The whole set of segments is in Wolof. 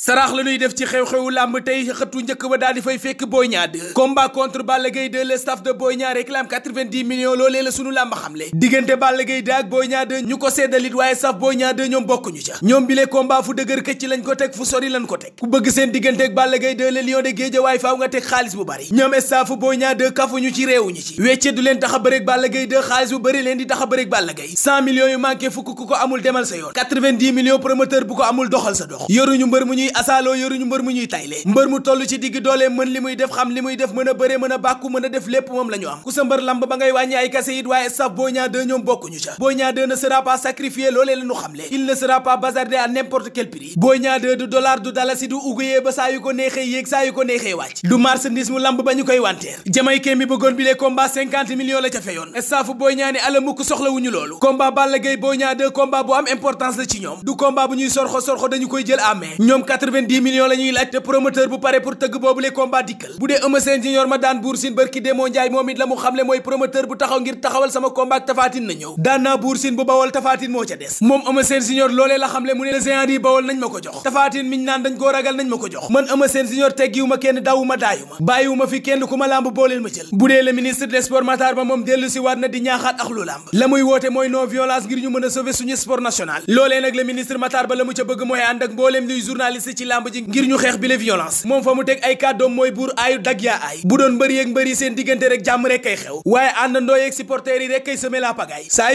saraax la ñuy def ci xew-xewu làmb tey xëtu njëkk ba daal di fay fekk Boy Niang 2 combat contre Balla Gaye 2 le staff de Boy Niang réclame 90 millions loolee la sunu làmb xamle diggante Balla Gaye 2 ak Boy Niang ñu ko seddalit waaye staff Boy Niang ñoom bokkuñu ca ñoom bi le combat fu dëgër këcc lañ ko teg fu sori lañ ko teg ku bëgg seen diggante ak Balla Gaye 2 le lion de Guédiawaye faaw nga teg xaalis bu bari ñoom staffu Boy Niang kafuñu ci réewuñu ci wecce a a bëreeg Balla Gaye 100 millions yu manqué fukk ku ko amul demal sa yoon 90 millions promoteur bu ko amul doxal sa dox yoruñu mbër fii asaaloo yoruñu mbër mu ñuy tayle mbër mu toll ci digg doolee mën li muy def xam li muy def mën a bëree mën a bàkku mën a def lépp moom la am ku la mi bëggoon bi lee combat 50 millions la ca feyoon staff Boy Niang ni ala mukk soxlawuñu loolu ci ñoom du combat bu ñuy sorxo sorxo dañu koy jël à millions la ñuy te promoteur bu pare pour tëgg boobu le combat dikkal bu dee Eumeu Sène junior ma daan Bour Sine bërki Démo Njaay moom it la mu xamle mooy promoteur bu taxaw ngir taxawal sama combat ak Tafatine na ñëw daan naa Bour bu bawol Tafatine moo ca des moom Eumeu Sène junior loolee la xamle mu ne le géant yi bawol nañ ma ko jox Tafatine miñ naan dañ koo ragal nañ ma ko jox man Eumeu Sène junior teggiwu kenn dawu ma daayu fi si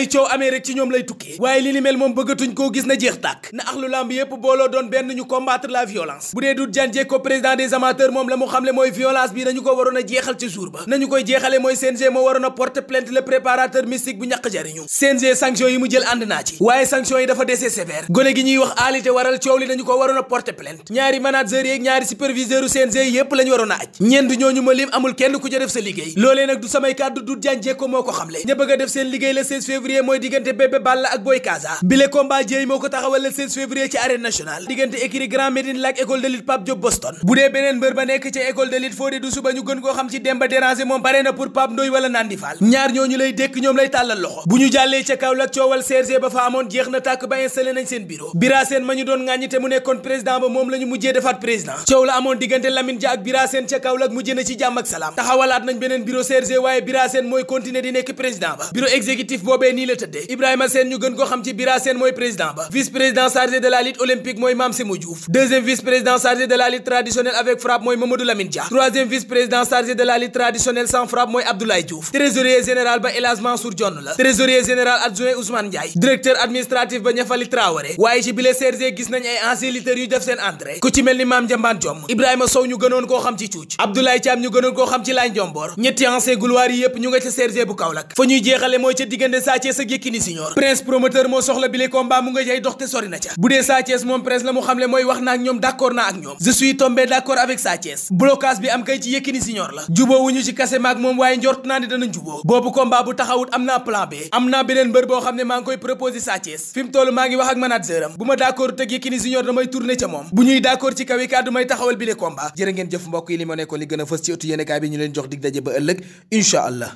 yi coow amee rek ci ñoom lay tukkee waaye li ni mel moom bëggatuñ koo gis na jeex tàkk na ax làmb yépp booloo doon benn ñu combattre la violence bu dee dut janje ko président des amateurs moom la mu xamle mooy violence bi nañu ko waroon a jeexal ci jour ba nañu koy jeexale mooy CNG moo waroon a porter plainte le préparateur mystique bu ñàkk jariñu CNG sanction yi mu jël ànd naa ci waaye sanction yi dafa dese sévère gone gi ñuy wax plainte ñaari manager yeeg yépp la ñu aj ñeent ñooñu ma amul kenn ku ca def sa liggéey loolee nag du samay kàddu du jànjee moo ko xamle ña diggante Bébé Grand Médine laak école de lutte Pape Diop Boston bu dee beneen mbër ba nekk ca école de lutte Fodé Doussou ba ñu gën koo xam ci Demba Déranger moom pare na pour Pape Ndoye wala Nandi ñaar ñooñu lay dékk ñoom lay tàllal loxo bu ñu jàllee ca Kaolack coowal CRG ba fa amoon jeex na tàkk ba moom la mujjee defaat président coow la amoon diggante Lamine Dia ak Bira Sène ca Kaolack mujjee na ci jàmm ak salaam taxawalaat nañ beneen bureau CRG waaye Bira mooy continuer di nekk président ba bureau exécutif boobee nii la tëddee Ibrahima Sène ñu gën ko xam ci Bira mooy président ba vice président chargé de la lutte olympique mooy Mame Sémou Diouf deuxième vice président chargé de la lutte traditionnelle avec frappe mooy Mamadou Lamine seen ci mel ni maam Njambaan Jom Ibrahima Sow ñu gënoon koo xam ci cuuc Abdoulaye Thiam ñu gënoon koo xam ci laañ jomboor ñetti ancien gloire yi yépp ñu nga ca CRG bu Kaolack fa ñuy jeexale mooy ca diggante Sa ak Yékini Senior prince promoteur moo soxla bile combat mu nga jay dox te sori na ca bu dee Sa moom prince la mu xamle mooy wax naa ak ñoom d'accord naa ak ñoom je suis tombé avec Sa blocage bi am kay ci Yékini Senior bu ñuy d'accord ci kaw yi kàddu may taxawal bi le combat jërë ngeen jëf mbokk yi li ma nekkoon li gën a fës ci ëttu yéenekaay bi ñu leen jox dig daje ba ëllëg incha allah